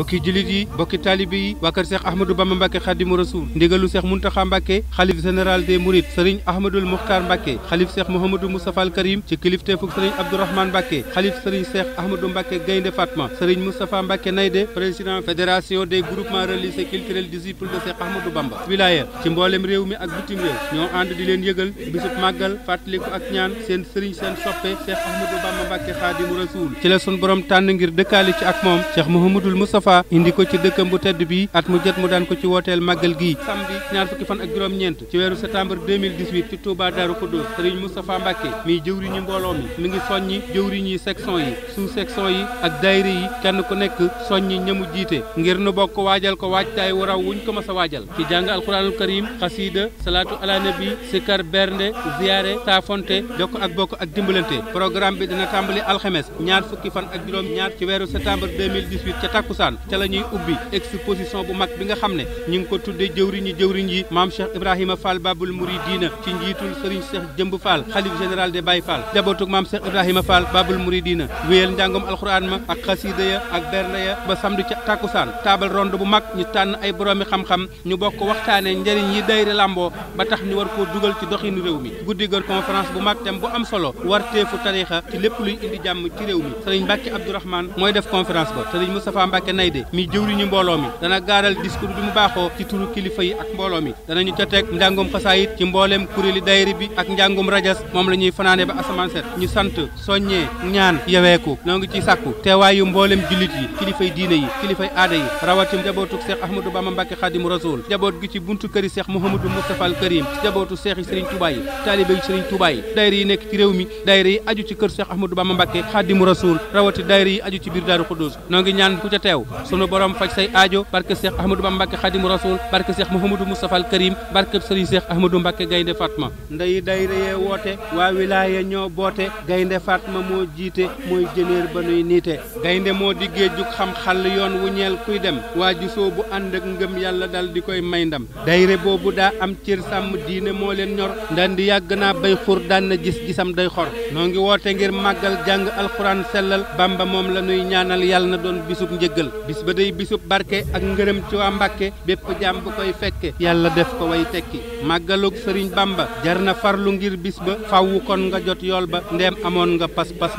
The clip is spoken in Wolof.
bokki jullit yi bokki taalibe yi waa kër Cheikh Ahmadou Bamba Mbacke Khadimu Rasoul ndigalu Cheikh Mountakha Mbacke xalif général des Mourides sëriñ Ahmadul Muxtaar Mbacke xalif Cheikh Mouhamadou Moustapha al Karim ci kilifteefug sëriñ Abdourahmane Mbacke xalif sëriñ Cheikh Ahmadou Mbacke Gaynde Fatma sëriñ Moustapha Mbacke Nayde président fédération des groupements religieux culturels disciples de Cheikh Ahmadou Bamba wilaya ci mboolem réew mi ak bitim réew ñoo ànd di leen Moustapha indi ko ci dëkkam bu tedd bi at mu jot mu daan ko ci wooteel màggal gi samedi ñaar fukki fan ak juróom-ñeent ci weeru septembre 2018 ci Touba Darou Khoudoss sëriñ Moustapha Mbacke mii jëwriñu mbooloo mi mi ngi soññi jëwriñ yi yi sous section yi ak daayira yi kenn ku nekk soññi ñamu jiite ngir nu bokk waajal ko waajtaay wu raw wuñ ko mas a waajal ci jàng alquranul karim xasiida salaatu ala sikar bernde ziyaare taafonte jokk ak bokk ak dimbalante programme Njaasaan ca la ñuy ubbi exposition bu mag bi nga xam ne ñi ngi ko tudde jëwriñi jëwriñ yi maam Cheikh Ibrahima Fall Babul Mouridina ci njiitul Serigne Cheikh Jëmb Fall xalif général de Baye Fall jabootug maam Cheikh Ibrahima Fall Babul Mouridina wéyal njàngom alxuraan ma ak xasiida ya ak berna ya ba samedi ca tàkkusaan taabal ronde bu mag ñu tànn ay boroomi xam-xam ñu bokk waxtaane njëriñ yi dayre lamboo ba tax ñu war koo dugal ci doxinu réew mi guddi conférence bu mag tem bu am solo teefu tariixa ci lépp luy indi jàmm ci réew mi Serigne Mbacke Abdourahmane mooy def conférence ba Serigne Moustapha Mbacke Nayde mi jëwriñu mbooloo mi dana gaaral discours bi mu baaxoo ci turu kilifa yi ak mbooloo mi danañu ca teg njàngum xasaayit ci mbooleem kuréeli dayri bi ak njàngum rajas moom la ñuy fanaane ba asamaan set ñu sant soññee ñaan yeweeku noo ngi ciy sàkku teewaayu mbooleem jullit yi kilifay diine yi kilifay aada yi rawati njabootuk Seex Ahmadou Bamba Mbàkke Xaadimu Rasuul jaboot gi ci buntu këri Seex Mouhamadou Moustapha al Karim ci jabootu seex yi Sëriñ Tuubaa yi taalibe yi Sëriñ Tuubaa yi dayri yi nekk ci réew mi dayri yi aju ci kër Seex Ahmadou Bamba Mbàkke Xaadimu Rasuul rawati dayri yi aju ci biir Daaru Xuddus noo ngi sunu borom faj say aajo barke Cheikh Ahmadou Bamba Mbacke Khadim Rasoul barke Cheikh Mouhamadou Moustapha al Karim barke Serigne Cheikh Ahmadou Mbacke Gaynde Fatma ndey dayre yee woote waa wilaaya ñoo boote Gaynde Fatma moo jiite mooy jëneer ba nuy niite gaynde moo di géejug xam xàll yoon wu ñeel kuy dem waa ju bu ànd ak ngëm yàlla dal di koy may ndam dayre boobu daa am cër sàmm diine moo leen ñor ndan di yàgg naa bay xur daan na gis gisam day xor noo ngi woote ngir màggal jàng alxuraan sellal Bamba moom la nuy ñaanal yàlla na doon bisub njëggal bis ba day bisub barke ak ngërëm ci waa Mbàkke bépp jàmm bu koy fekke yàlla def ko way tekki màggalug sëriñ Bamba jar na farlu ngir bis ba fàwwu koon nga jot yool ba ndem amoon nga pas-pas